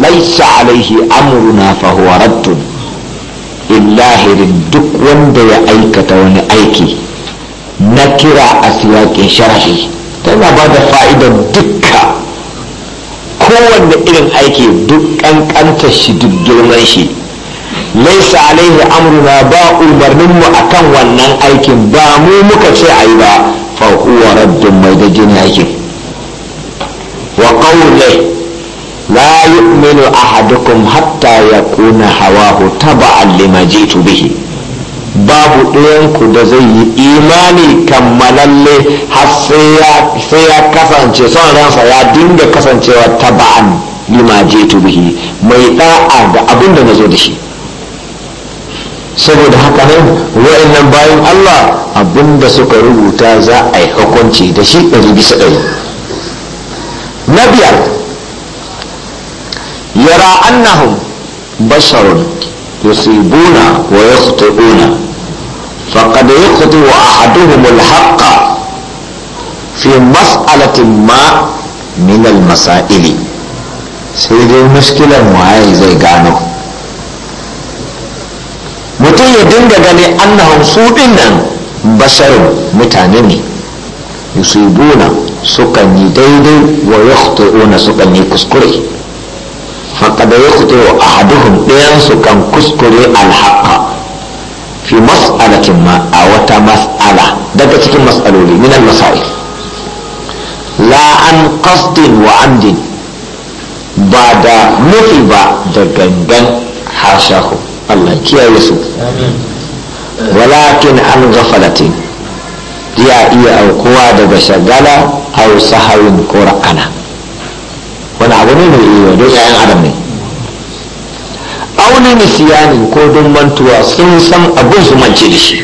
laisa alaihi amruna fa huwa raddun illahirin duk wanda ya aikata wani aiki na kira a siyaƙin sharafi tana ba da fa'idar duka kowanne irin aiki duk ƙanƙanta shi duk girman shi laisa alaihi amruna ba umarninmu a kan wannan aikin ba mu muka ce a yi ba fa mai da jini aikin wa la yu'minu ahadukum hatta yakuna hawahu taba'an lima jitu bihi babu ku da zai yi imani kammalalle har sai ya kasance son ransa ya dinga kasancewa taba'an lima jitu bihi mai da'a ga abin da na zo da shi saboda haka nan wa'annan bayan Allah da suka rubuta za a yi hukunci da shi ɗari bisa ɗari na biyar يرى أنهم بشر يصيبون ويخطئون فقد يخطئ أحدهم الحق في مسألة ما من المسائل سيدي مشكلة معاي زي قانو mutum ya dinga gani annahum su dinnan basharun mutane ne yusibuna sukan yi daidai wa yakhtu'una sukan yi kuskure kada ya kuɗe wa ɗayan su kan kuskure alhaqa fi mas'alatin ma a wata mas'ala daga cikin mas'aloli min al-masail la an ba da nufi ba da gangan hashahu Allah kiyaye su walakin an gafalatin ya iya aukuwa daga shagala au sahawin ko rakana wani abu ne mai iya don 'ya'yan adam ne wani nisiyani ko don mantuwa sun san abin su mance da shi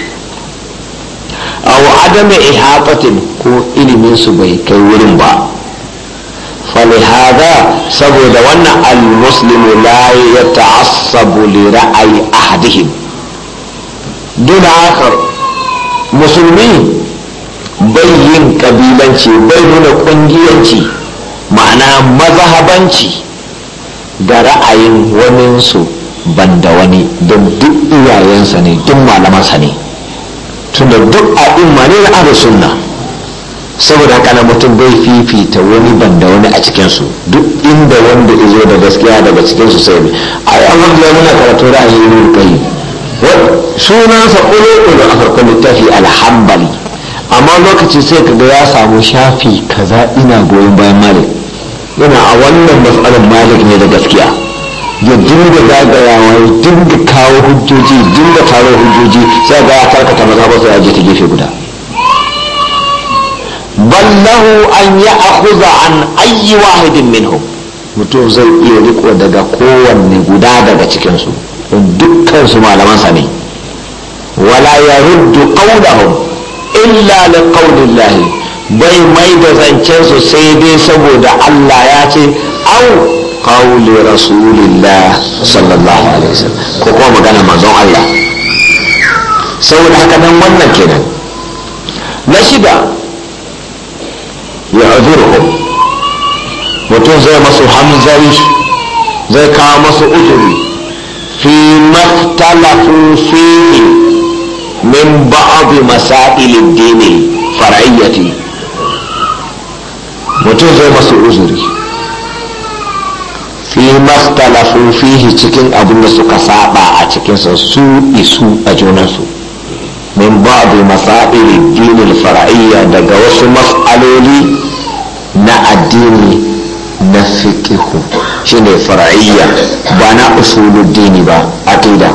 a wa'ada mai ko ilimin su bai kai wurin ba falihada saboda wannan al-muslimu la ya ta'assa bule ra'ayi ahadihim duk da haka musulmi bai yin kabilanci bai nuna kungiyanci ma'ana mazahabanci da ra'ayin waninsu ban da wani don duk iyayensa ne duk malamansa ne tunda duk a imma ne na ahlus sunna saboda haka na mutum bai fifita wani ban da wani a cikinsu duk inda wanda zo da gaskiya daga cikinsu sai ne a yi alhamdulillah yana karatu ra'ayin ibn qayyim sunansa ƙulu-ƙulu a farkon littafi alhambali amma lokaci sai kaga ya samu shafi kaza ina goyon bayan malik yana a wannan matsalar malik ne da gaskiya ya dinga zagayawa ya dinga kawo hujjoji dinga taro hujjoji sai ga ya karkata maza ba sai aje ta gefe guda ballahu an ya akhudha an ayyi wahidin minhu. mutum zai iya riko daga kowanne guda daga cikin su dukkan su malaman ne wala ya ruddu qawlahum illa li qawlillahi bai mai da zancen su sai dai saboda Allah ya ce au قول رسول الله صلى الله عليه وسلم كوكو مغانا مازون الله سوى الحكا دان وانا كنا نشدا يعذرهم وتو زي مصر حمزة زي كامسو أجري فيما اختلفوا فيه من بعض مسائل الدين الفرعية وتو زي مصر أجري fi maftalafu fihi cikin abin da suka saba a cikinsa su isu a junansu min ba'du masaili dinin fara'iyya daga wasu mas'aloli na addini na fiqihu shine fara'iyya ba na usuluddini ba aqida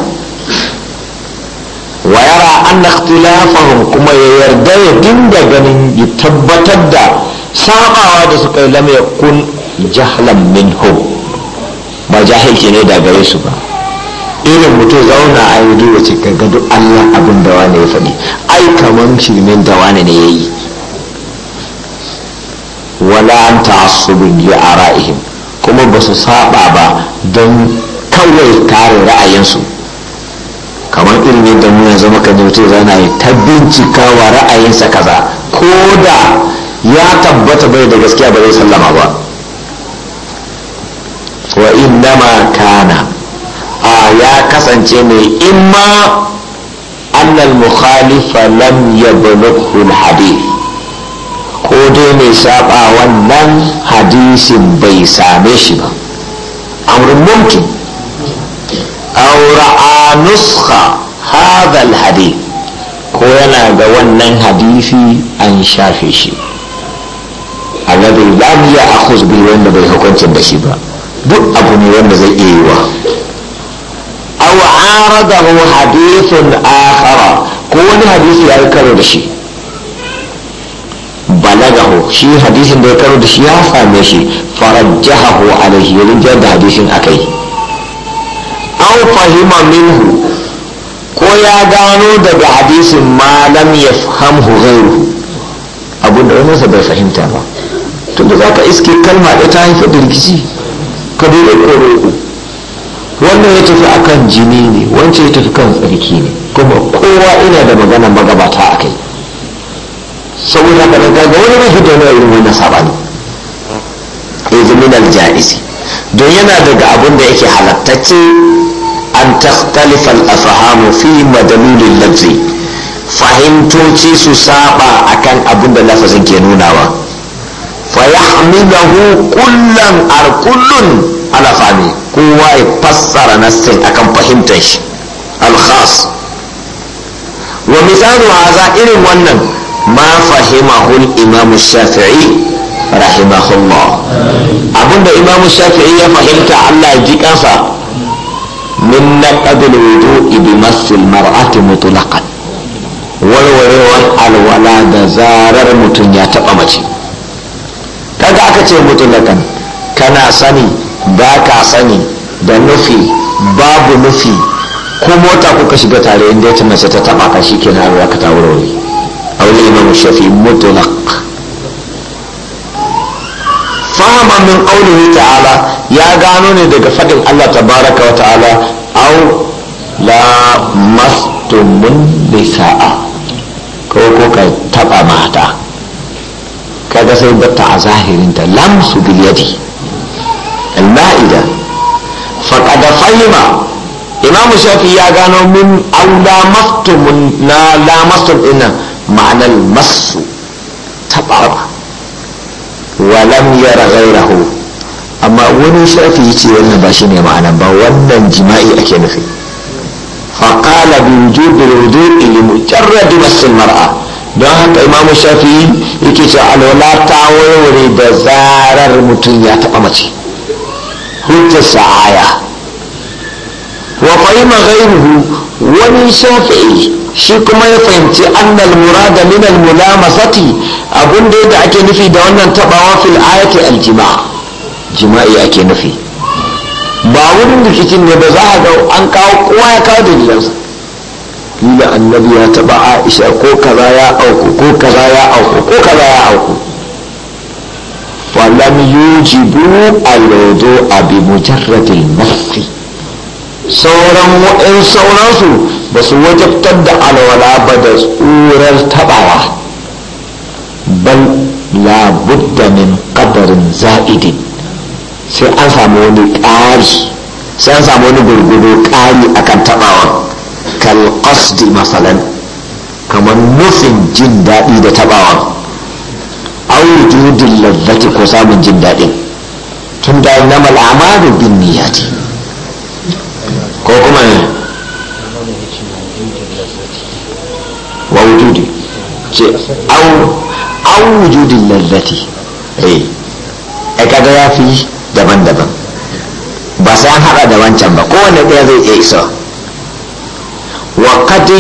wa yara anna ikhtilafahum kuma ya yarda ya dinga ganin ya tabbatar da sabawa da suka yi lam yakun jahlan minhum ba jahilci ne da gare su ba irin mutum zauna a yi duwa ce allah abin da wane ya faɗi ai kamar shirmen da wane ne ya yi wala an ta'assubin a ara'ihim kuma ba su saba ba don kawai kare ra'ayinsu kamar irin yadda mu zama kan yi mutum zana yi ta bincika wa ra'ayinsa kaza ko da ya tabbata bai da gaskiya ba zai sallama ba wa innama kana a ya kasance ne imma annal mukhalifa lam yablughu hadith ko dai mai saba wannan hadisin bai same shi ba amrun mumkin aw ra'a nuskha hadha hadith ko yana ga wannan hadisi an shafe shi annabi lam ya akhuz bil wanda bai hukuncin da shi ba duk abu ne wanda zai iya yiwa aw aradahu hadithun akhara ko wani hadisi ya karo da shi balagahu shi hadisin da ya karo da shi ya same shi farajjahu alaihi ya rinjar da hadisin akai aw fahima minhu ko ya gano daga hadisin ma lam yafhamhu ghayruhu abunda wani bai fahimta ba tunda zaka iske kalma da ta haifar da rikici ka daidai wannan ya tafi akan jini ne wancan ya tafi kan tsarki ne kuma kowa ina da magana magabata a kai saboda haka daga kaga wani mafi da wani sabani ya zama na ja'izi don yana daga abin da yake halattacce an takhtalifa al fi madalilin lafzi fahimtoci su saba akan abin da lafazin ke nunawa fayahmidahu kullan al kullun ala fami kowa ya fassara nassin akan fahimtar shi al khas wa misalu haza irin wannan ma fahimahu al imam shafi'i rahimahullah abinda imam shafi'i ya fahimta Allah ya ji kansa min naqdul wudu'i bi masl mar'ati mutlaqan warwarewar alwala da zarar mutum ya taɓa mace kaga aka ce mutulakan kana sani ba ka sani da nufi babu nufi ko mota kuka shiga tare inda ya mace ta taba ka shi kenan ruwa ka tawo rauni wani imam shafi mutulak fahama min qawlihi ta'ala ya gano ne daga fadin Allah tabaraka wa ta'ala au la mastumun nisaa ko ko ka taba mata ده زي بتاع ظاهر انت لمس باليد المائدة فقد فهم امام الشافعي يا غانو من او لامستم لا لامست ان معنى المس تبعوا ولم ير غيره اما وني شافعي ya ce wannan ba shi ne ma'ana ba wannan jima'i ake nufi faƙala bi wujudul wudu'i li mujarradi don haka imamu shafi'i yake cewa alwala ta warware da zarar mutum ya taɓa mace hujjar sa'aya wa fahima ghairuhu wani shafi'i shi kuma ya fahimci annal murada min al mulamasati abun da yadda ake nufi da wannan tabawa fil ayati al jima'a jima'i ake nufi ba wurin rikicin ne ba za a ga an kawo kowa ya kawo gidansa. kila annabi ya taba aisha ko kaza ya auku ko kaza ya auku ko kaza ya auku walam yujibu alwudu bi mujarradil masri sauran wa'in sauransu ba su wajabtar da alwala ba da tsurar tabawa bal labudda min qadarin za'idin sai an samu wani ƙari sai an samu wani gurgudu ƙari akan tabawa kalqasdi masalan kamar nufin jin daɗi da tabawa au wujudin lazzati ko samun jin daɗin tun da namal amalu bin niyyati ko kuma wa wujudi lazzati eh ai kaga daban-daban ba sai an haɗa da wancan ba kowane ɗaya zai iya isa wa kadi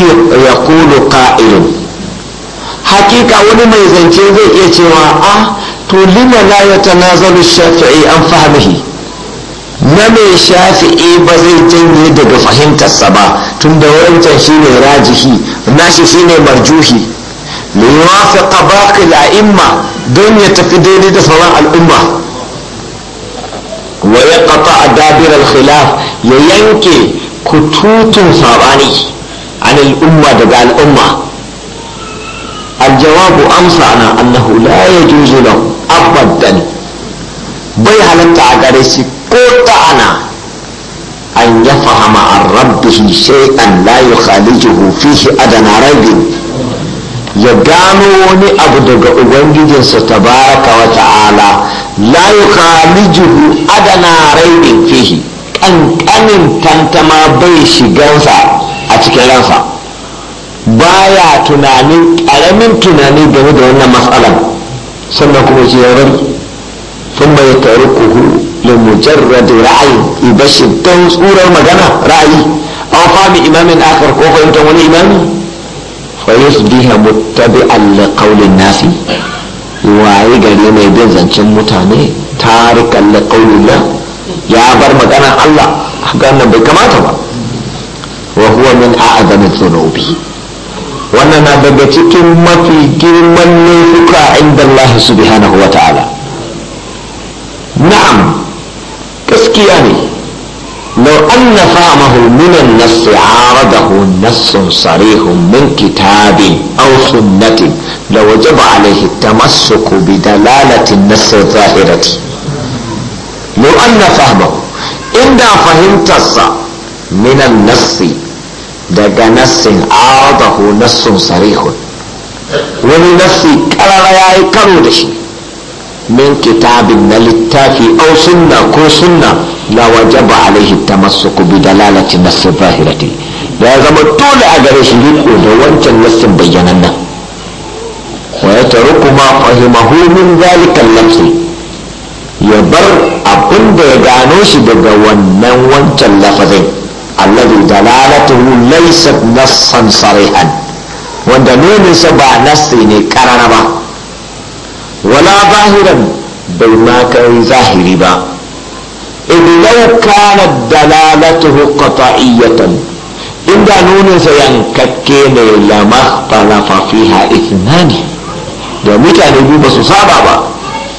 ya kulu ƙa'ilun hakika wani mai zance zai iya cewa a ah, to lima la ya tanazalu shafi'i an fahimhi na mai shafi'i ba zai janye daga fahimtarsa ba tun da wancan shine rajihi nashi shine marjuhi liwafiqa baqi al-a'imma don ya tafi daidai da sauran al'umma wa ƙafa a dabirar khilaf ya yanke kututun sabani عن الأمة دقى الأمة الجواب أمسعنا أنه لا يجوز له أبدا بي حلت عقريسي قطعنا أن يفهم عن ربه شيئا لا يخالجه فيه أدنى ريب ya gano wani abu daga ubangijinsa baraka wa ta'ala la yukhalijuhu adana raibin fihi kankanin tantama bai shigansa cikin ransa baya tunani karamin tunani game da wannan matsalan sannan kuma ziyarar tun bai taru kuhu da mujarrada ra'ayi ibashi don tsurar magana ra'ayi an fami imamin akar ko fahimtar wani imami fayus biha muttabi alla qaulin nasi waye gari mai bin zancen mutane tarikan la qaulin ya bar magana Allah ganna bai kamata ba وهو من أعظم الذنوب وأننا بجتكم ما في جرم النفق عند الله سبحانه وتعالى نعم كسكياني يعني. لو أن فهمه من النص عارضه نص صريح من كتاب أو سنة لوجب عليه التمسك بدلالة النص الظاهرة لو أن فهمه إن فهمت من النص daga nassin aradahu nassun sarihun wani nassi karara ya yi karo da shi min kitabin na littafi au sunna ko sunna la wajaba alaihi tamassuku bi dalalati nassi zahirati da ya zama dole a gare shi riko da wancan nassin bayyanan nan wa ya taruku ma fahimahu min zalikan lafsi ya bar abin da ya gano shi daga wannan wancan lafazin alladhi dalalatuhu laysat nassan sarihan wanda nunin sa ba nassi ne karara ba wala zahiran bai ma kai zahiri ba idan law kana dalalatuhu qata'iyatan inda nunin sa yankakke ne la mahtalafa fiha ithnan da mutane biyu basu saba ba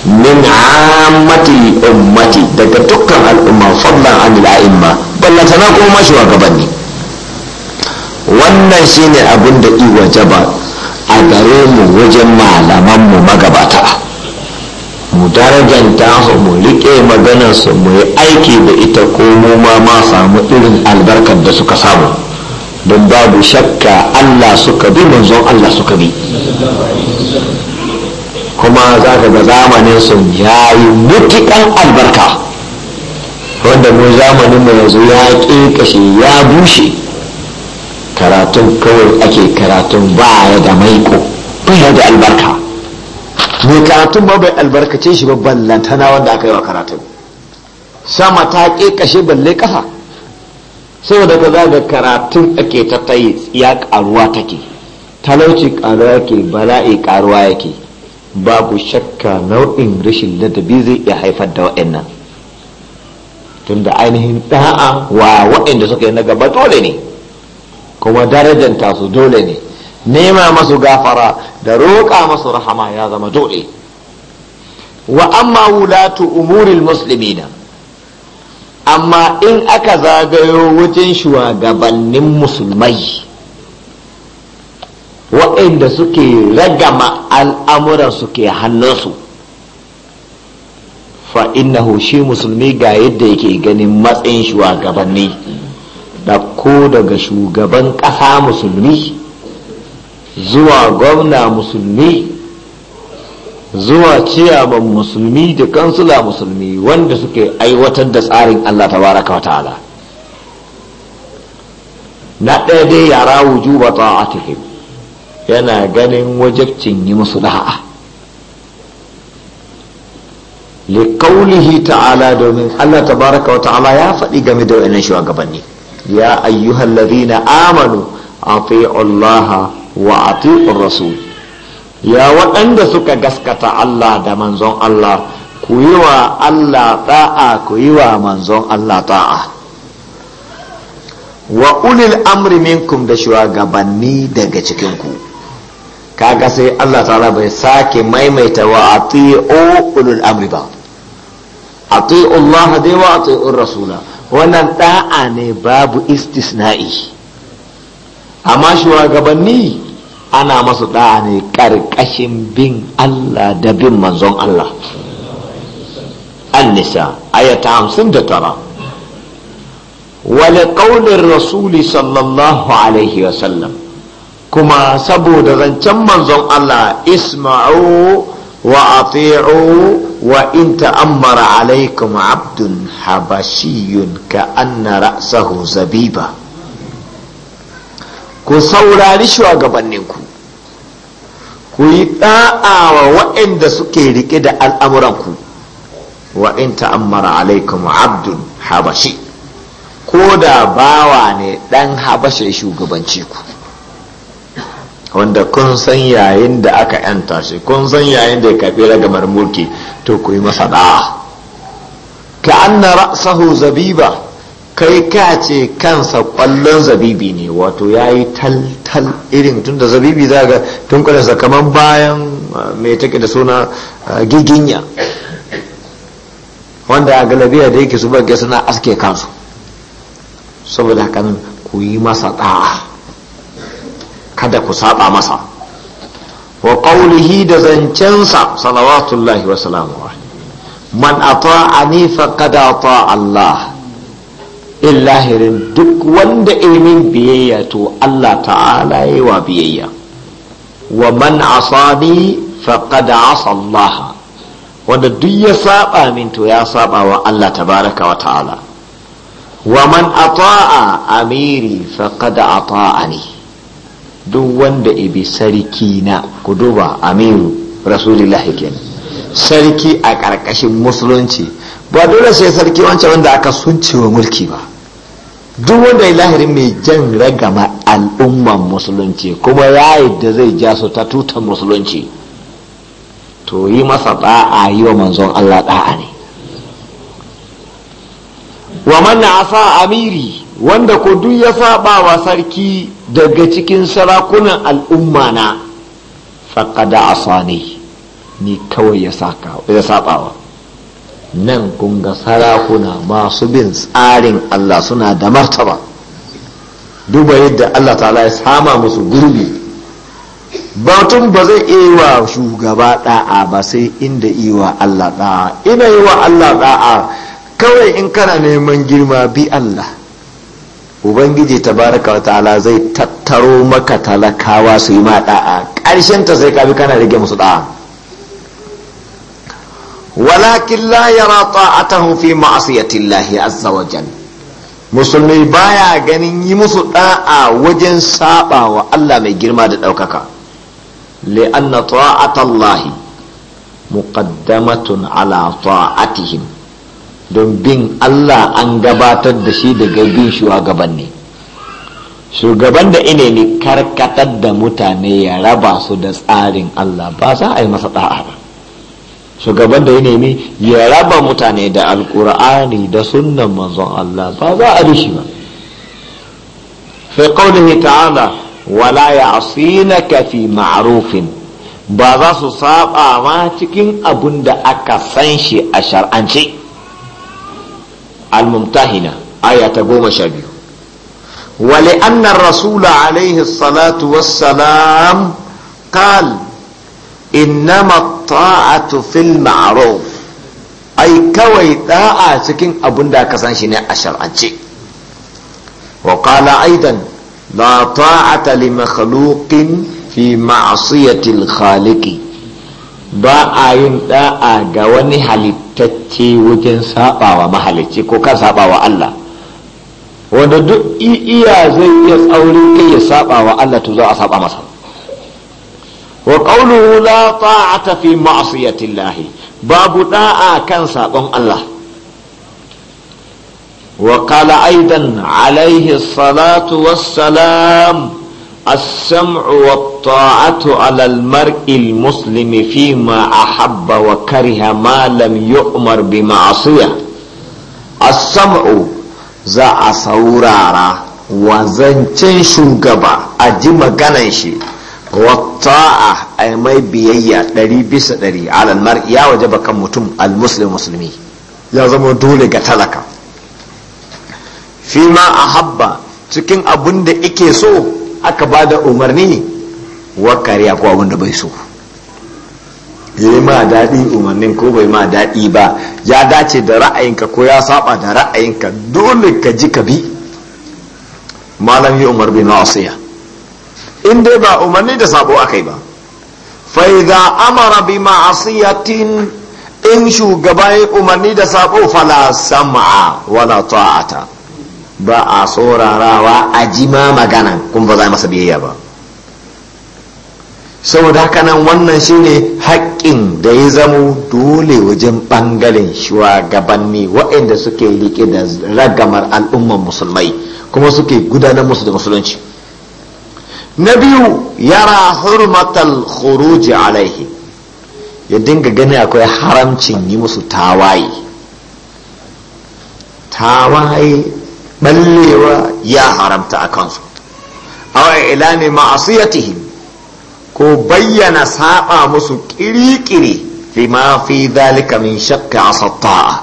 min ammati ummati daga dukkan al'umma fadlan anil a'imma ballantana kuma ma shugabanni wannan shine abin da waje ba a gare mu wajen malamanmu magabata mu darajanta su mu riƙe maganarsu mu yi aiki da ita ko mu ma ma samu irin albarkar da suka samu don babu shakka allah suka bi manzon allah suka bi kuma za ka ga zamanin sun yayi mutukan albarka wanda mu zamanin mu yanzu ya kashe ya bushe karatun kawai ake karatun ba ya da maiko ba da albarka mai karatun ba bai albarkace shi ba ballantana wanda aka yi wa karatun sama ta kashe balle kasa saboda ka zaga karatun ake ta tayi ya karuwa take talauci karuwa yake bala'i karuwa yake babu shakka nau'in rashin ladabi zai iya haifar da waɗannan. tunda ainihin da'a wa waɗanda suka yi na gaba dole ne kuma darajanta su dole ne nema masu gafara da roƙa masu rahama ya zama dole wa amma wulatu umuril muslimina amma in aka zagayo wajen shugabannin musulmai waɗanda suke ragama al'amuran suke hannunsu fa innahu shi musulmi ga yadda yake ganin matsayin shugabanni da ko daga shugaban ƙasa musulmi zuwa gwamna musulmi zuwa ciyaman musulmi da kansula musulmi wanda suke aiwatar da tsarin Allah tabaraka wa ta'ala na ɗaya dai yara wujuba ta'atihim yana ganin wajabcin yi musu da'a liqaulihi ta'ala domin Allah tabaraka wa ta'ala ya faɗi game da wayannan shugabanni ya ayyuhallazina amanu ati'u Allah wa ati'u ya waɗanda suka gaskata Allah da manzon Allah ku yi wa Allah ta'a ku yi wa manzon Allah ta'a wa ulil amri minkum da shugabanni daga cikinku kaga sai Allah ta'ala bai sake maimaita wa ati'u ulul amri ba ati'u Allah dai wa ati'u rasula wannan da'a ne babu istisna'i amma shugabanni ana masu da'a ne karkashin bin Allah da bin manzon Allah an-nisa ayata 59 ولقول الرسول Sallallahu alaihi wa sallam. kuma saboda zancen manzon Allah isma'u wa ati'u wa in ta'ammara alaikum abdun habashiyun ka anna ra'sahu zabiba ku saurari shugabanninku ku yi ɗa'awa wa waɗanda suke riƙe da al'amuranku wa in ta'ammara alaikum abdun habashi ko da bawa ne ɗan habashe shugabanci ku wanda kun san yayin da aka yanta shi kun san yayin da ya kafe daga marmurki to ku yi masa da'a ka anna ra'sahu zabiba kai ka ce kansa kwallon zabibi ne wato ya yi tal irin tun da zabibi za ga tun kwallon kamar bayan uh, mai take da suna uh, giginya wanda a galabiya da yake su bagge suna aske kansu saboda haka ku yi masa da'a kada ku saba masa wa qawlihi da zancensa salawatullahi wa salamu man ata'ani faqad ata Allah illahirin duk wanda ilmin biyayya to Allah ta'ala yi wa biyayya wa man asani faqad asa Allah wanda duk ya saba min to ya saba wa Allah tabaraka wa ta'ala wa man ata'a amiri faqad ata'ani duk wanda ibi sarki na ku duba amiru rasulullahi kenan sarki a ƙarƙashin musulunci ba dole sai sarki wancan wanda aka suncewa mulki ba duk wanda lahirin mai jan ragama al'umman musulunci kuma ya da zai ja su ta tutar musulunci to yi masa ɗa'a yi wa manzon Allah ɗa'a ne wa manna asa amiri wanda ko duk ya saba wa sarki daga cikin sarakunan al'umma na faƙada ni kawai ya sabawa nan kunga sarakuna masu bin tsarin Allah suna da martaba duba yadda Allah ta'ala ya sama musu gurbi batun ba zai iya wa shugaba ɗa'a ba sai inda iwa Allah da'a ina yi wa Allah ɗa'a? kawai in kana neman girma bi Allah ubangiji tabaraka wa ta'ala zai tattaro maka talakawa su yi ma da'a ƙarshen ta sai kabi kana rage musu da'a walakin la yara ta'atahu fi ma'asiyatillahi azza wa jan musulmi baya ganin yi musu da'a wajen saɓa wa Allah mai girma da ɗaukaka li'anna ta'atallahi muqaddamatun ala ta'atihim don bin Allah an gabatar da shi daga bin shugabanni ne shugaban da ine ne karkatar da mutane ya raba su da tsarin Allah ba za a yi masa da'a ba shugaban da ine ne ya raba mutane da alkur'ani da sunnan manzon Allah ba za a rishi ba fi qawlihi ta'ala wala ya'sinaka fi ma'rufin ba za su saba ma cikin abun da aka san shi a shar'ance al-mumtahina aya ta goma sha biyu wale annan rasula alaihi salatu wassalam qal innama ta'atu fil ma'ruf ai kawai da'a cikin abun da ka san shi ne a shar'ance wa qala aidan la ta'ata li makhluqin fi ma'siyati al ba a yin da'a ga wani halitta amintacce wajen sabawa mahalicci ko kan sabawa Allah wanda duk iya zai iya tsauri kai ya sabawa Allah to za a saba masa wa qawluhu la ta'ata fi ma'siyati Allah babu da'a kan sabon Allah wa qala aidan alaihi salatu wassalam السمع والطاعة على المرء المسلم فيما أحب وكره ما لم يؤمر بمعصية السمع za a saurara wazancin shugaba a ji maganan shi wata'a a mai biyayya ɗari bisa ɗari alalmar ya waje bakan mutum almuslim musulmi ya zama dole ga talaka fi ma a habba cikin abin da ike so aka ba da umarni wa kariya ko abin bai so zai ma daɗi umarnin ko bai ma daɗi ba ya dace da ra'ayinka ko ya saba da ra'ayinka dole ka ji ka bi malam yi umar bin nasiya in dai ba umarni da sabo akai ba faiza amara bi ma'asiyatin in shugaba ya umarni da sabo fala sam'a wala ta'ata ba a saurarawa a jima magana kuma ba za a masa biyayya ba saboda haka nan wannan shine haƙƙin da ya zamo dole wajen ɓangaren shugabanni waɗanda suke riƙe da ragamar al'umman musulmai kuma suke gudanar musu da musulunci na biyu yara hurmatar khuruji alaihi ya dinga gani akwai haramcin yi musu tawaye tawaye ballewa ya haramta a kansu awa ilami ma'asiyatihim ko bayyana saba musu kirikiri ma fi zalika min shakka asatta'a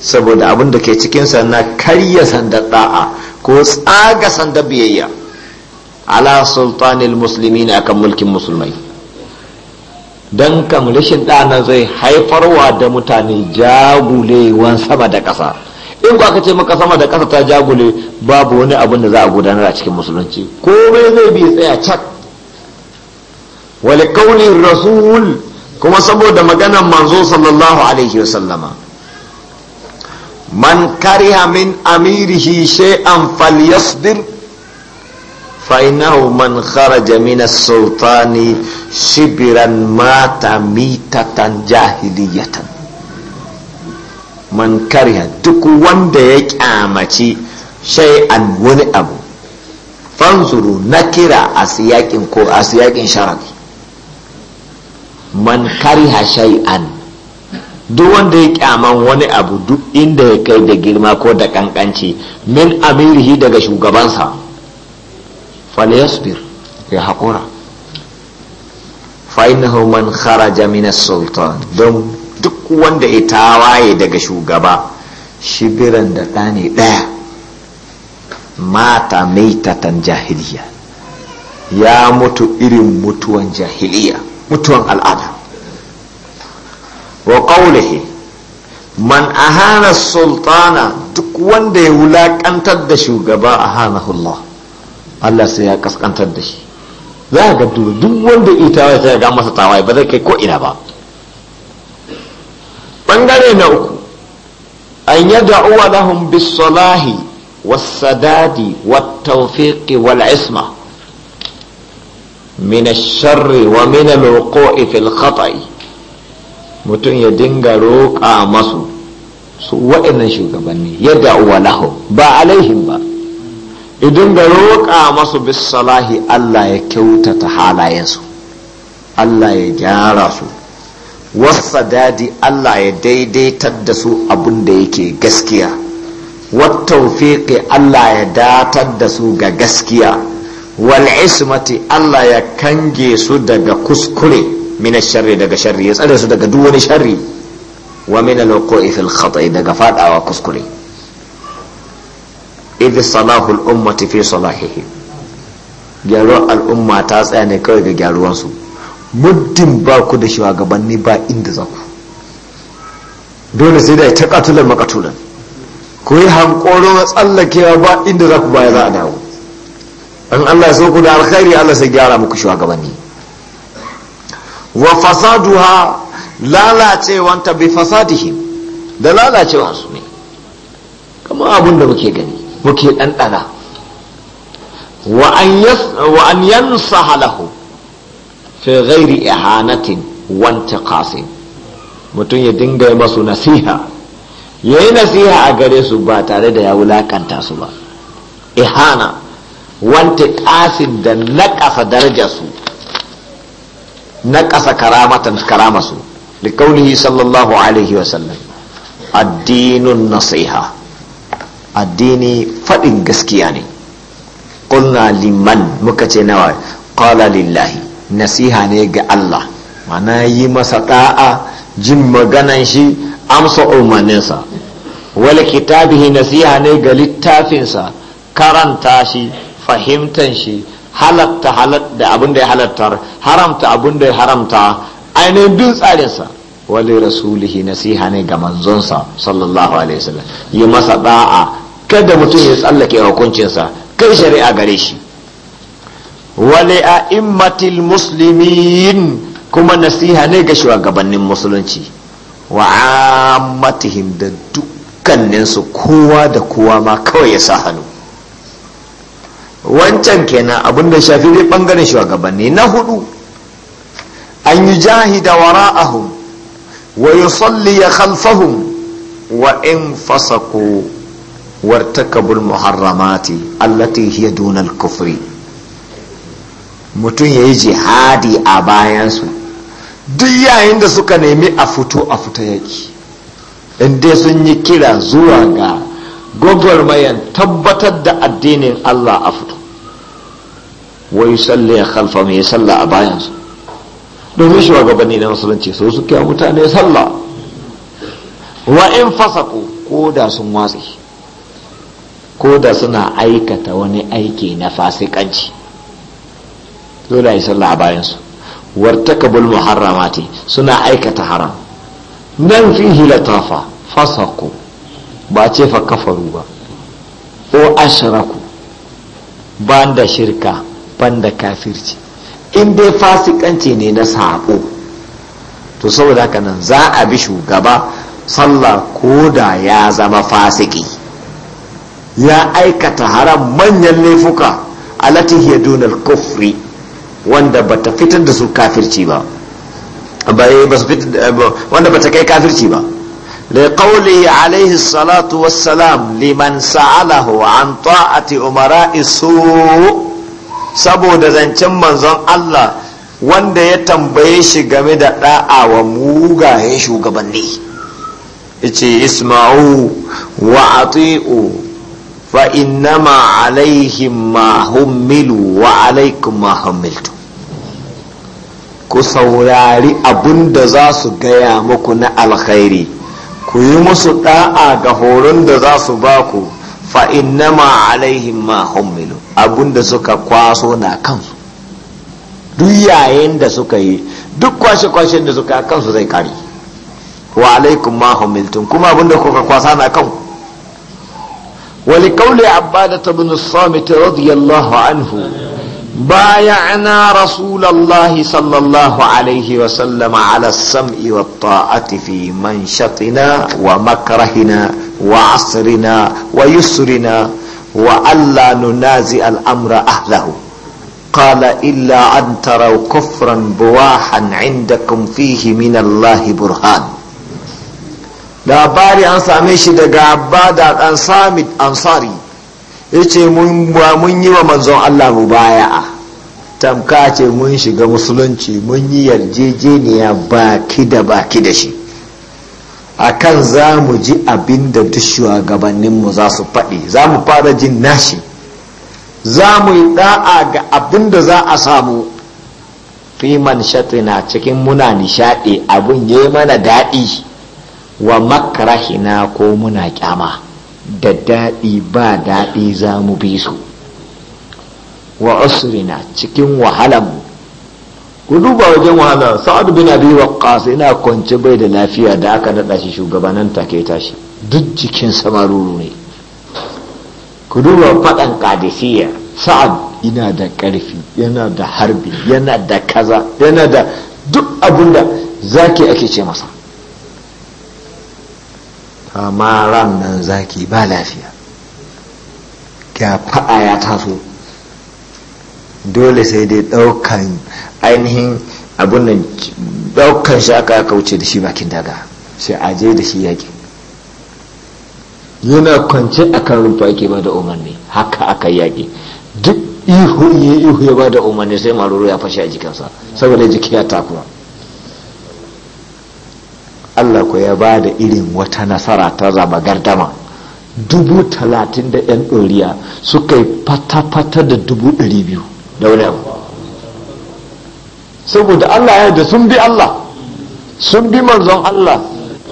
saboda abin ke cikin na karya sanda ɗa'a ko tsaga sanda biyayya ala sultanil musulmi na kan mulkin musulmai don kam rashin ɗanan zai haifarwa da mutane jagulewan sama da ƙasa in ku aka ce maka sama da ƙasa ta jagule babu wani abin da za a gudanar a cikin musulunci komai zai bi tsaya cak wale kauni rasul kuma saboda maganan manzo sallallahu alaihi wasallama man kariha min amirihi shay'an falyasbir fa innahu man kharaja min sultani shibran mata mitatan jahiliyatan man kariha duk wanda ya kyamaci shay'an wani abu fanzuru na kira a siyakin ko a siyakin sharadi man kariha shay'an duk wanda ya kyaman wani abu duk inda ya kai da girma ko da kankanci min amirihi daga shugabansa falyasbir ya haƙura fa'inahu man kharaja min sultan don duk wanda ya waye daga shugaba shibiran da ɗane ɗaya mata maitatan jahiliya ya mutu irin mutuwan jahiliya mutuwan al'ada wa ƙaunahi man a hana sultana duk wanda ya wulaƙantar da shugaba a hanahullah Allah sai ya kaskantar da shi za a ga duk wanda ita ya ga masa tawaye ba zai kai ko ina ba ɓangare na uku an yi da'uwa lahum bisalahi wasadadi wattaufiki wal isma min sharri wa min alwuqu'i fil khata'i mutum ya dinga roƙa masu su waɗannan shugabanni ya da'uwa lahum ba alaihim ba idan ga roƙa masu bisalahi Allah ya kyautata halayensu Allah ya gyara su wasadadi Allah ya daidaita da su abin da yake gaskiya wattaufiqi Allah ya datar da su ga gaskiya wal ismati Allah ya kange su daga kuskure min sharri daga sharri ya tsare su daga duk wani sharri wa min al fil khata'i daga fadawa kuskure idh salahu al ummati fi salahihi gyaruwar al'umma ta tsaya ne kawai ga gyaruwansu muddin ba ku da shugabanni ba inda za ku dole sai da ta katular makatulan ku yi hankoro hankoron tsallakewa ba inda za ku baya za a dawo an allah ya so ku da alkhairi allah sai gyara muku shugabanni wa fasaduha lalacewanta bi fasadihim da lalacewansu ne kamar abin da muke gani muke ɗanɗana wa an yansa halahu fi ghairi ihanatin wanta qasim mutum ya dinga yi masu nasiha ya yi nasiha a gare su ba tare da ya wulakanta su ba ihana wanta qasim da naƙasa darajar su naƙasa karamatan karama su da kaulihi sallallahu alaihi wasallam addinin nasiha addini faɗin gaskiya ne قلنا لمن مكتنا قال لله nasiha ne ga Allah mana yi masa ɗa'a jin maganan shi amsa umarninsa wale kitabihi nasiha ne ga littafinsa karanta shi fahimtan shi halatta da abin da ya halatta haramta abin da ya haramta ainihin duk tsarinsa wali rasulihi nasiha ne ga manzonsa sallallahu alaihi wasallam yi masa da'a kada mutum ya tsallake hukuncinsa kai shari'a gare shi wale a immatil musulmin kuma nasiha ne ga shugabannin musulunci wa ammatihim da dukkaninsu kowa da kowa ma kawai ya sa hannu wancan kenan abinda shafi bai bangaren shugabanni na hudu an yi jahida wara'ahum wa yusalli ya khalfahum wa in fasaku wartakabul muharramati allati hiya dunal kufri mutum ya yi jihadi a bayansu duk yayin da suka nemi a fito a fita yaki inda sun yi kira zuwa ga gwagwarmayan tabbatar da addinin allah a fito wai salli ya kalfa mai salla a bayansu domin gabani na musulunci so kya mutane salla wa in fasaku ko da sun watsi ko da suna aikata wani aiki na fasikanci dole a sallah a bayansu wartakabul muharramati suna aikata haram nan fi hilatafa fasaku ba ce fa kafaru ba ko ashraku banda shirka banda kafirci in dai fasikanci ne na sabo to saboda haka nan za a bi shugaba sallah ko da ya zama fasiki ya aikata haram manyan laifuka alati hiya dunal kufri wanda bata fitar da su kafirci ba eh, wanda bata kai kafirci ba لقوله عليه الصلاة والسلام لمن سأله عن طاعة أمراء saboda zancen manzon Allah wanda ya tambaye shi game da da'a wa mugayen shugabanni yace isma'u wa fa innama alaihim ma hummilu wa ku saurari abin da za su gaya muku na alkhairi ku yi musu da'a ga horon da za su ba ku fa'innama alaihim ma hummilu abin da suka kwaso na kansu duk yayin da suka yi duk kwashe kwashe da suka kansu zai kare wa alaikum ma humiltum kuma abin da kuka kwasa na kan wali kaule abada ta sami ta radiyallahu anhu بايعنا رسول الله صلى الله عليه وسلم على السمع والطاعة في منشطنا ومكرهنا وعصرنا ويسرنا وألا ننازع الأمر أهله قال إلا أن تروا كفرا بواحا عندكم فيه من الله برهان لا باري أنسى shi daga abba da أنصاري ya ce mun yi wa manzon Allah mu baya a tamka ce mun shiga musulunci mun yi yarjejeniya baki da baki da shi A kan za mu ji abin da duk gabaninmu za su faɗi za mu fara jin nashi za mu yi da'a ga abin da za a samu fiman shatina cikin muna nishaɗi abin ya yi mana daɗi wa makarahina ko muna kyama. da daɗi ba daɗi za mu bi su wa usrina cikin wahalan ku duba wajen wahala sa'ad bin abi waqqas ina kwance bai da lafiya da aka naɗa shi shugabannin take tashi duk jikin samaruru ne ku duba fadan qadisiyya sa'ad ina da karfi yana da harbi yana da kaza yana da duk abinda zaki ake ce masa amma ran nan zaki ba lafiya ga faɗa ya taso dole sai dai ɗaukan ainihin abin nan ɗaukan shi aka kauce da shi bakin daga sai a da shi yaƙi yana kwance a kan rumfa yake ba da umarni haka aka yaƙi duk ihu ya ihu ya ba da umarni sai maruru ya fashe a jikinsa saboda jiki ya takura allah ku ya ba da irin wata nasara ta zama gardama dubu talatin da yan ɗoriya suka yi fata-fata da dubu ɗari biyu da wani abu saboda allah ya da sun bi allah sun bi manzon allah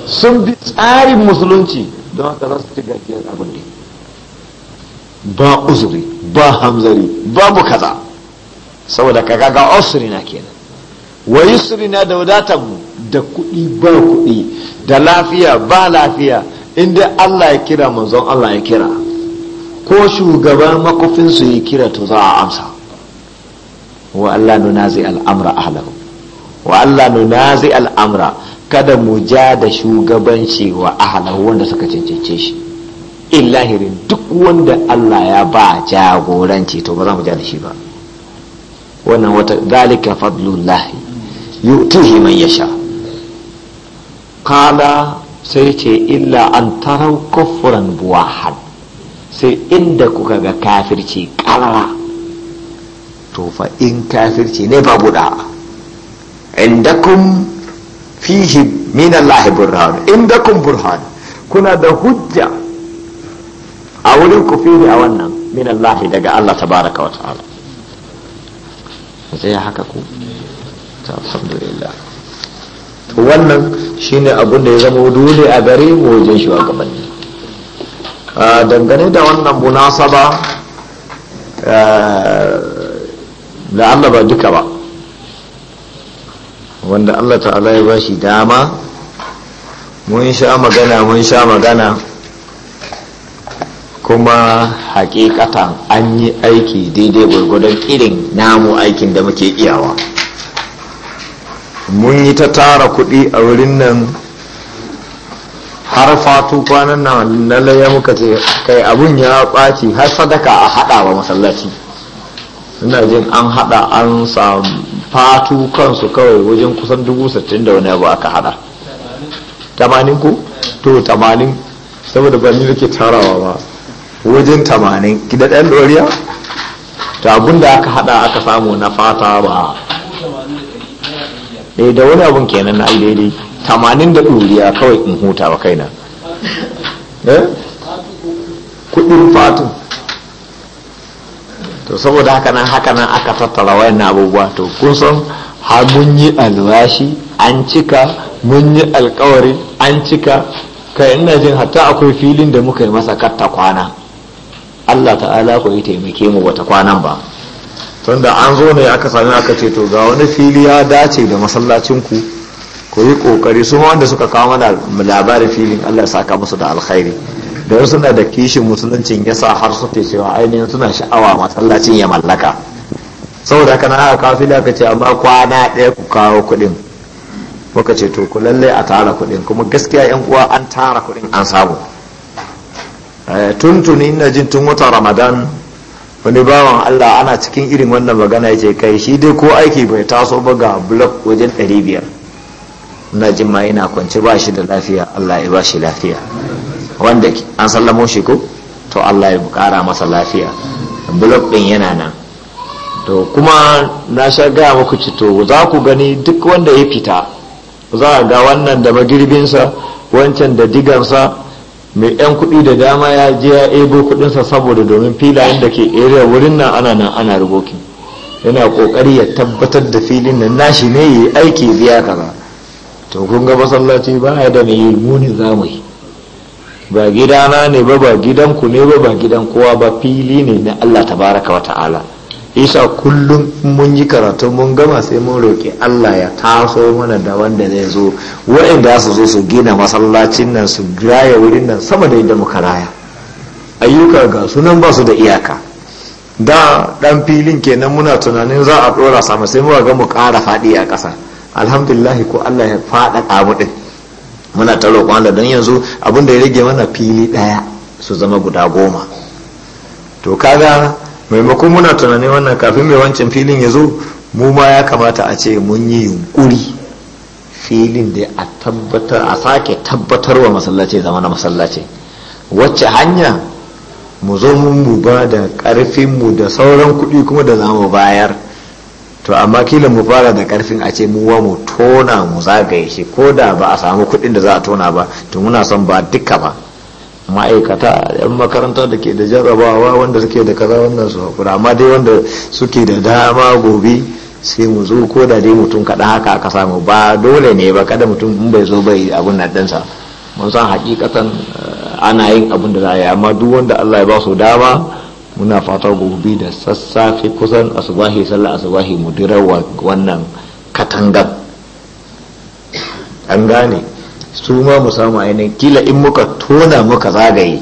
sun bi tsarin musulunci don haka za su ci gajiyar abin da ba uzuri ba hamzari ba mu kaza saboda kaga ga usri na kenan wa yi na da wadatar mu da kuɗi ba kuɗi da lafiya ba lafiya inda Allah ya kira manzon Allah ya kira ko shugaba makofinsu ya kira to za a amsa wa Allah nunazi al'amra ahlahu wa Allah nunazi al'amra kada mu ja da shugabanci wa ahlahu wanda suka cancance shi illahirin duk wanda Allah ya ba jagoranci to ba za mu ja da shi ba wannan wata dalika fadlullahi yu'tihi man yasha kala sai ce illa an tarau kufuran buwahan sai inda kuka ga kafirci kalara to fa in kafirci ne babu kun fi fihi min Allah burhan kun burhan kuna da hujja a wurin ku fiye a wannan min lahi daga Allah tabaraka wa ta'ala zai haka ku alhamdulillah wannan shine abin da ya zama dole a gare mu wajen shugabanni dangane da wannan munasaba eh, da Allah ba duka ba wanda Allah ta'ala ya ba shi dama mun sha magana mun sha magana kuma hakikatan an yi aiki daidai gwargwadon irin namu aikin da muke iyawa mun yi ta tara kuɗi a wurin nan har fatu kwanan nan lalle ya muka ce kai abun ya ɓaci har sadaka a haɗa ba masallaci ina jin an haɗa an samu fatu kansu kawai wajen kusan dubu sittin da wani abu aka haɗa tamanin ku to tamanin saboda ba ni nake tarawa ba wajen tamanin gida ɗan ɗoriya to abun da aka haɗa aka samu na fata ba eh da wani abun kenan na daidai tamanin da ɗuriya kawai in huta wa na eh? kudin fatu to saboda haka nan haka nan aka tattara wayan abubuwa to kun san ha mun yi alwashi an cika mun yi alkawari an cika kai ina jin hatta akwai filin da muka yi masa katta kwana Allah ta'ala ku yi taimake mu bata kwanan ba tunda an zo ne aka sami aka ce to ga wani fili ya dace da masallacinku ku yi kokari su wanda suka kawo mana labarin filin allah saka musu da alkhairi da suna da kishin musuluncin ya sa har suke cewa ainihin suna sha'awa masallacin ya mallaka saboda kana aka kawo fili aka ce amma kwana ɗaya ku kawo kuɗin muka ce to ku lalle a tara kuɗin kuma gaskiya yan uwa an tara kuɗin an samu eh, tuntuni ina jin tun wata ramadan wani bawan Allah ana cikin irin wannan magana ya ce kai shi dai ko aiki bai taso ba ga blok wajen 500 na jima yana kwanci ba shi da lafiya Allah ya ba shi lafiya wanda an sallamo shi ko to Allah ya kara masa lafiya blok din yana nan to kuma na sha gaya maku ci to za ku gani duk wanda ya fita za a ga wannan da magirbinsa wancan da digarsa mai 'yan kuɗi da dama ya je ya ebo kuɗinsa saboda domin filayen da ke area wurin nan ana nan ana rubokin yana kokari ya tabbatar da filin nan nashi ne yi aiki biya kaza to kun ga masallaci ba ya da yi muni zamai. yi ba gidana ne ba ba gidanku ne ba ba gidan kowa ba fili ne na Allah tabaraka wa ta'ala isa kullum mun yi karatu mun gama sai mun roƙi Allah ya taso mana da wanda zai zo waɗanda su zo su gina masallacin nan su raya wurin nan sama da yadda muka raya ayyuka ga sunan ba su da iyaka da ɗan filin kenan muna tunanin za a ɗora sama sai muka ga mu ƙara faɗi a ƙasa alhamdulillahi ko Allah ya faɗa mu ɗin muna ta roƙon Allah don yanzu abin da ya rage mana fili ɗaya su zama guda goma to kaga maimakon muna tunanin wannan kafin mai wancan filin ya zo mu ma ya kamata a ce mun yi yunkuri filin da a tabbatar a sake tabbatar wa masallaci zama na masallaci wacce hanya mu zo mu ba da ƙarfinmu da sauran kuɗi kuma da za bayar to amma kila mu fara da karfin a ce muwa mu tona mu zagaye shi ko da ba a samu kuɗin da za a tona ba to muna son ba duka ba ma'aikata yan makaranta da ke da jarrabawa wanda suke da kaza wannan su haƙura amma dai wanda suke da dama gobe sai mu zo ko da dai mutum kaɗan haka aka samu ba dole ne ba kada mutum in bai zo bai abun na ɗansa mun san hakikatan eh, ana yin abun da za a yi amma duk wanda Allah ya ba su dama muna fata gobe da sassafe kusan asubahi sallah asubahi mu dirar wannan katangan an gane su ma mu samu ainihin kila in muka tona muka zagaye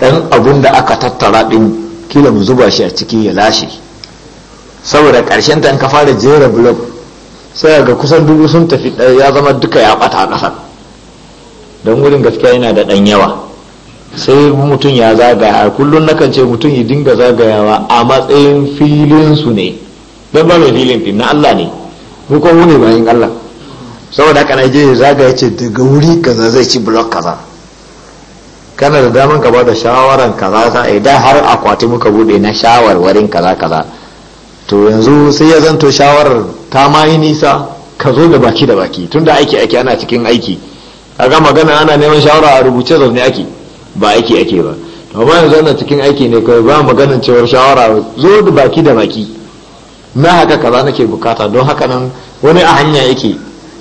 dan abun da aka tattara din kila mu zuba shi a ciki ya lashe saboda ƙarshen ta ka fara jera blog sai ga kusan dubu sun tafi ya zama duka ya bata a kasar don wurin gaskiya yana da ɗan yawa sai mutum ya zagaya kullum nakan ce mutum ya dinga zagayawa a matsayin filin su ne don ba mai filin fim na Allah ne mu kuma ne bayan Allah saboda haka nigeria zaga ya ce daga wuri kaza zai ci blok kaza kana da daman ka bada shawaran kaza ta idan har akwati muka bude na shawarwarin kaza kaza to yanzu sai ya zanto shawarar ta ma yi nisa ka zo da baki da baki tunda aiki ake ana cikin aiki kaga magana ana neman shawara a rubuce zaune ake ba aiki ake ba to ba yanzu ana cikin aiki ne kawai ba magana cewar shawara zo da baki da baki na haka kaza nake bukata don haka nan wani a hanya yake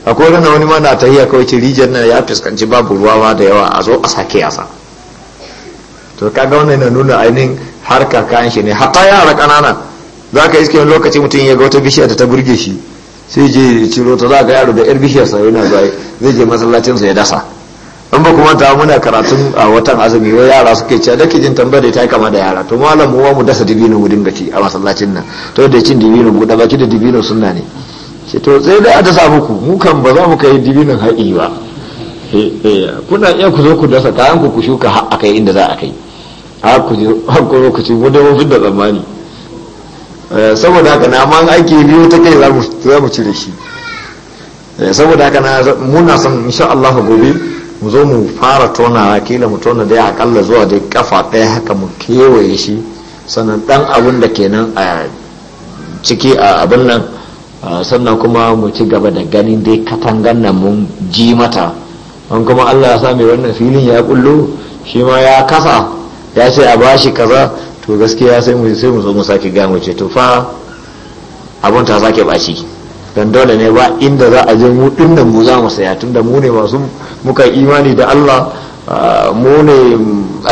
akwai wani wani ma na tahiya kawai ce rijiyar nan ya fuskanci babu ruwa ma da yawa a zo a sake yasa to kaga wannan na nuna ainihin harka kayan shi ne hata yara kanana za ka iske wani lokaci mutum ya ga wata bishiya da ta burge shi sai je ciro ta za ka yaro da yar bishiyar sa yana zai je masallacin sa ya dasa an ba kuma ta muna karatun a watan azumi wai yara suke ce da jin tambayar da ta yi kama da yara to malam mu mu dasa dibino mu dinga ci a masallacin nan to da cin dibino buɗe baki da dibino sunna ne shi to sai dai a dasa muku mu kan ba za mu kai dibinin haƙi ba kuna iya ku zo ku dasa kayan ku ku shuka har kai inda za a kai har ku zo ku ci mu dai mafi da tsammani eh, saboda haka na ma aiki biyu ta kai za mu cire shi eh, saboda haka na muna son insha Allah gobe mu zo mu fara tona kila mu tona dai akalla zuwa dai kafa ɗaya haka mu kewaye shi sannan dan abun da kenan a ciki a abin nan Ah, sannan kuma mu ci gaba da ganin dai katangan nan mun ji mata an kuma allah ya sami wannan filin ya kullu shi ma ya kasa ya ce a bashi kaza to gaskiya sai mu sai mu zo mu sake gano ce to fa abun ta sake baci dan dole ne ba inda za a je mu din mu za mu saya tunda mu ne masu muka imani da Allah ah, mu ne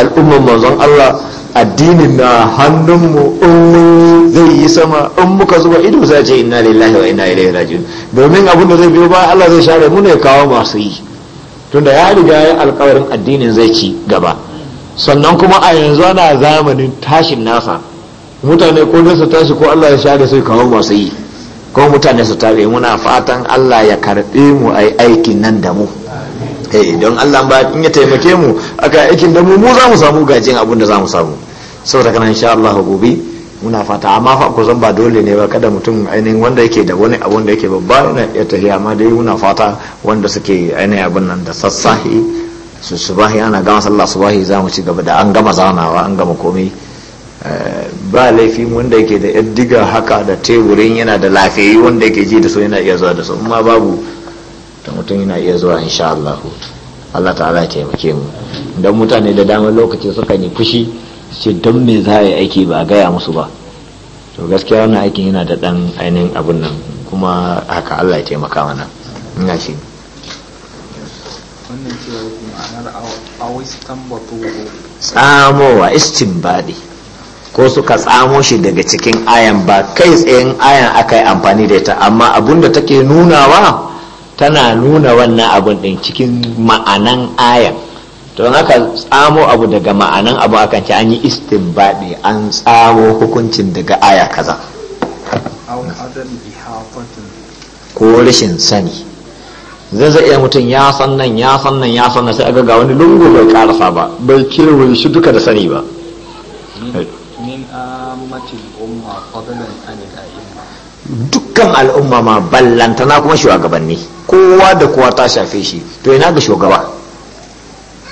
al'umman manzon Allah addinin na mu zai yi sama in muka zuba ido za ce inna lillahi wa inna ilaihi raji'un domin abin da zai biyo ba Allah zai share mu ne kawo masu yi tunda ya riga ya alƙawarin addinin zai ci gaba sannan kuma a yanzu ana zamanin tashin nasa mutane ko dai su tashi ko Allah ya share su kawo masu yi ko mutane su tabe muna fatan Allah ya karbe mu ai aikin nan da mu eh don Allah ba in ya taimake mu aka aikin da mu mu za mu samu gajin abin da za mu samu saboda kana insha Allah gobe muna fata amma fa zan ba dole ne ba kada mutum ainihin wanda yake da wani abu da yake babba yana iya tafiya amma dai muna fata wanda suke ainihin abin nan da sassahi su subahi ana gama sallah subahi za mu ci gaba da an gama zanawa an gama komai eh, ba laifi wanda yake da yaddiga haka da teburin yana da lafiyayi wanda yake ji da su yana iya zuwa da su amma babu ta mutum yana iya zuwa insha Allah Allah ta'ala ya taimake mu dan mutane da dama lokaci suka yi fushi ce don me za a yi aiki ba a gaya musu ba to gaskiya wannan aikin yana da dan ainihin abun nan kuma haka Allah ya taimaka mana ina shi wannan cewa ma'anar tsamowa istinbadi ko suka tsamo shi daga cikin ayan ba kai tsayin ayan aka yi amfani da ita amma abun da take nunawa tana nuna wannan abun din cikin ma'anan ayan to aka tsamo abu daga ma'anan abu akan ci an yi istinbadi an tsamo hukuncin daga aya kaza ko rashin sani zai zai iya mutum ya san nan ya san nan ya san nan sai ga wani lungu bai karasa ba bai kewaye shi duka da sani ba dukkan al'umma ma ballantana kuma shugabanni kowa da kowa ta shafe shi to yana ga shugaba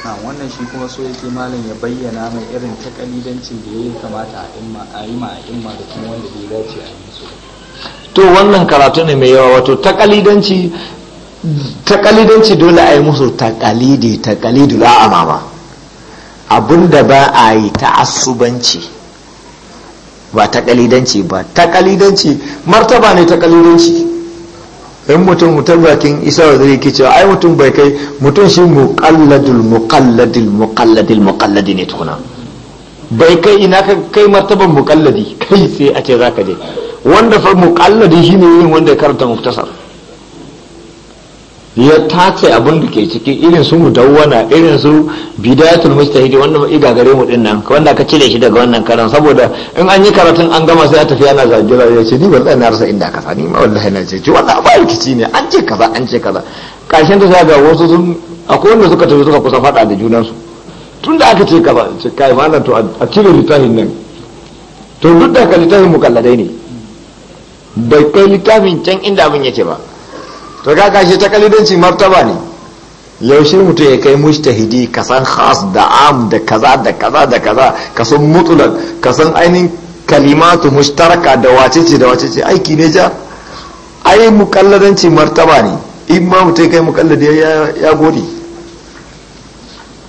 a wannan shi kuma so yake malam ya bayyana mai irin ta kalidancin da ya kamata a yi ma a da kuma wanda bai dace a yi su to wannan karatu ne mai yawa wato ta kalidanci ta kalidanci dole a yi musu ta kalidi ta kalidu la'ama ba abinda ba a yi ta asubanci ba ta kalidanci ba ta kalidanci martaba ne ta kalidanci in mutum mutum bakin isa wa zai cewa ai mutum bai kai mutum shi muqalladul muqalladil muqalladil muqalladi ne tukuna bai kai ina ka kai martaban muqalladi kai sai a ce zaka je wanda fa muqalladi shine yin wanda ya karanta muftasar ya tace abin da ke ciki irin su mudawwana irin su bidayatul mustahidi wanda mu iga gare mu din nan wanda ka cire shi daga wannan karan saboda in an yi karatun an gama sai ya tafi yana zagira ya ce ni ban tsaya na rasa inda ka sani ma wallahi na ce ci wannan ba rikici ne an ce kaza an ce kaza karshen da sai wasu sun akwai wanda suka tafi suka kusa fada da junan su tun da aka ce kaza ce kai ma to a cire littafin nan to duk da ka littafin mukalladai ne bai kai littafin can inda abin yake ba to ga gashi ta kalidanci martaba ne yaushe mutum ya kai mujtahidi ka san khas da am da kaza da kaza da kaza ka san mutlaq ka san ainihin kalimatu mushtaraka da wacece da wacece aiki ne ja ai mukalladanci martaba ne in ma mutum kai mukalladi ya gode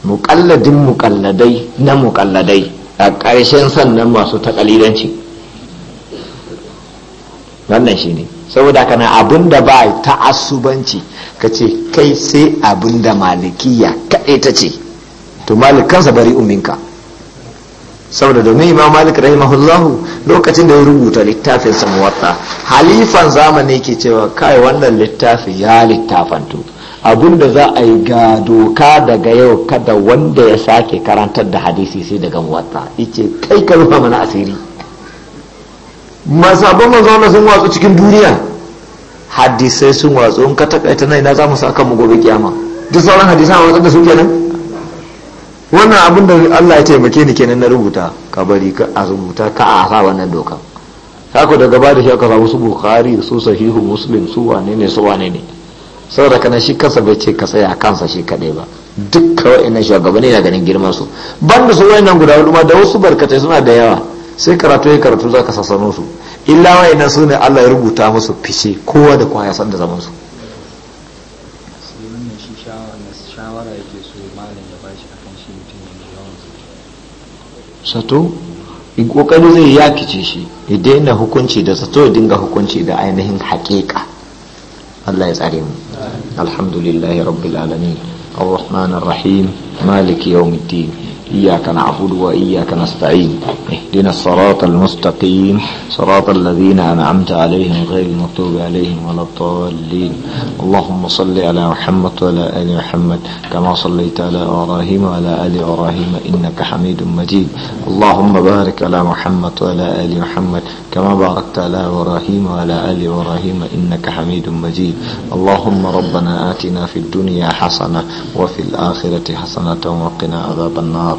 mukalladin mukalladai na mukalladai a ƙarshen sannan masu kalidanci wannan shi ne saboda na abin da ba ta'assubanci ka ce kai sai abin da malikiya kaɗai ta ce to malikansa bari uminka saboda domin imam malik rahimahullahu lokacin da ya rubuta littafin muwatta halifan zamani ke cewa kai wannan littafi ya littafantu da za a yi ga doka daga yau kada wanda ya sake karantar da hadisi sai daga muwatta ice kai ka rufa mana asiri masabban manzo sun watsu cikin duniya hadisai sun watsu in ka takaita nan ina za mu saka mu gobe kiyama duk sauran hadisan a watsar da su kenan wannan abin da Allah ya taimake ni kenan na rubuta ka bari ka a rubuta ka a sa wannan dokan haka daga ba da shi aka samu su bukhari su sahihu muslim su wane ne su wane ne saboda kana shi kansa bai ce ka tsaya kansa shi kadai ba duk kawai wa'annan shugabanni na ganin girman su banda su wayannan guda hudu ma da wasu barkatai suna da yawa sai karatu ya karatu za ka sassano su illa wa'inan su ne allah ya rubuta musu fice kowa da kowa ya da zaman su sato in kokari zai yakice shi ya daina hukunci da sato ya dinga hukunci da ainihin haƙiƙa allah ya tsare mu alhamdulillahi rabbil alamin الرحمن الرحيم مالك يوم الدين إياك نعبد وإياك نستعين اهدنا الصراط المستقيم صراط الذين أنعمت عليهم غير المغضوب عليهم ولا الضالين اللهم صل على محمد وعلى آل محمد كما صليت على إبراهيم وعلى آل إبراهيم إنك حميد مجيد اللهم بارك على محمد وعلى آل محمد كما باركت على إبراهيم وعلى آل إبراهيم إنك حميد مجيد اللهم ربنا آتنا في الدنيا حسنة وفي الآخرة حسنة وقنا عذاب النار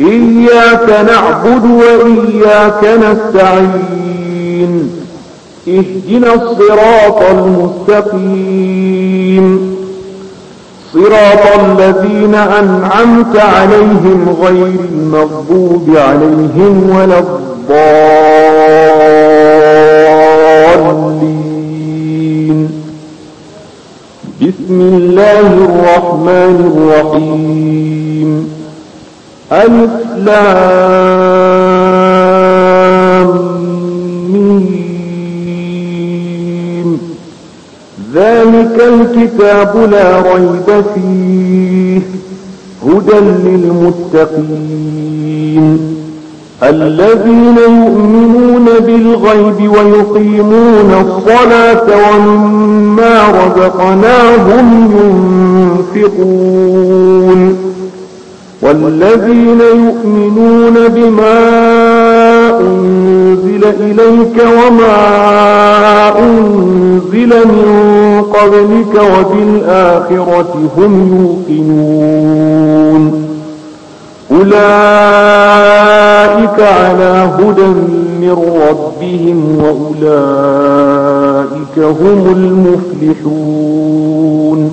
إياك نعبد وإياك نستعين اهدنا الصراط المستقيم صراط الذين أنعمت عليهم غير المغضوب عليهم ولا الضالين بسم الله الرحمن الرحيم الإسلام ذلك الكتاب لا ريب فيه هدى للمتقين الذين يؤمنون بالغيب ويقيمون الصلاة ومما رزقناهم ينفقون والذين يؤمنون بما أنزل إليك وما أنزل من قبلك وبالآخرة هم يوقنون أولئك على هدى من ربهم وأولئك هم المفلحون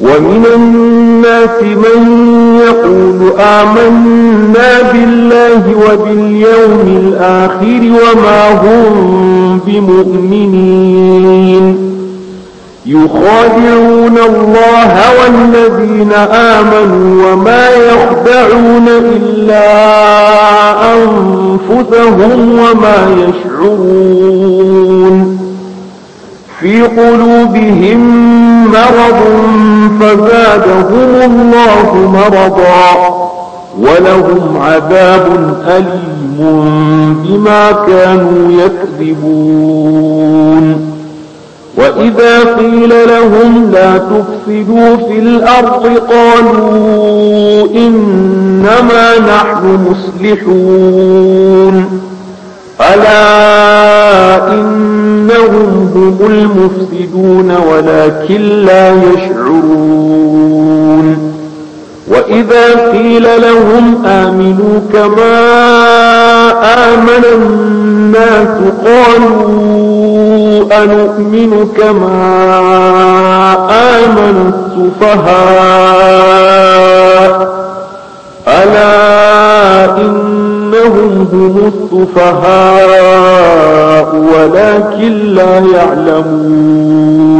ومن الناس من يقول آمنا بالله وباليوم الآخر وما هم بمؤمنين يخادعون الله والذين آمنوا وما يخدعون إلا أنفسهم وما يشعرون في قلوبهم مرض فزادهم الله مرضا ولهم عذاب أليم بما كانوا يكذبون وإذا قيل لهم لا تفسدوا في الأرض قالوا إنما نحن مصلحون ألا إن إنهم هم المفسدون ولكن لا يشعرون وإذا قيل لهم آمنوا كما آمن الناس قالوا أنؤمن كما آمن السفهاء ألا إن إنهم هم السفهاء ولكن لا يعلمون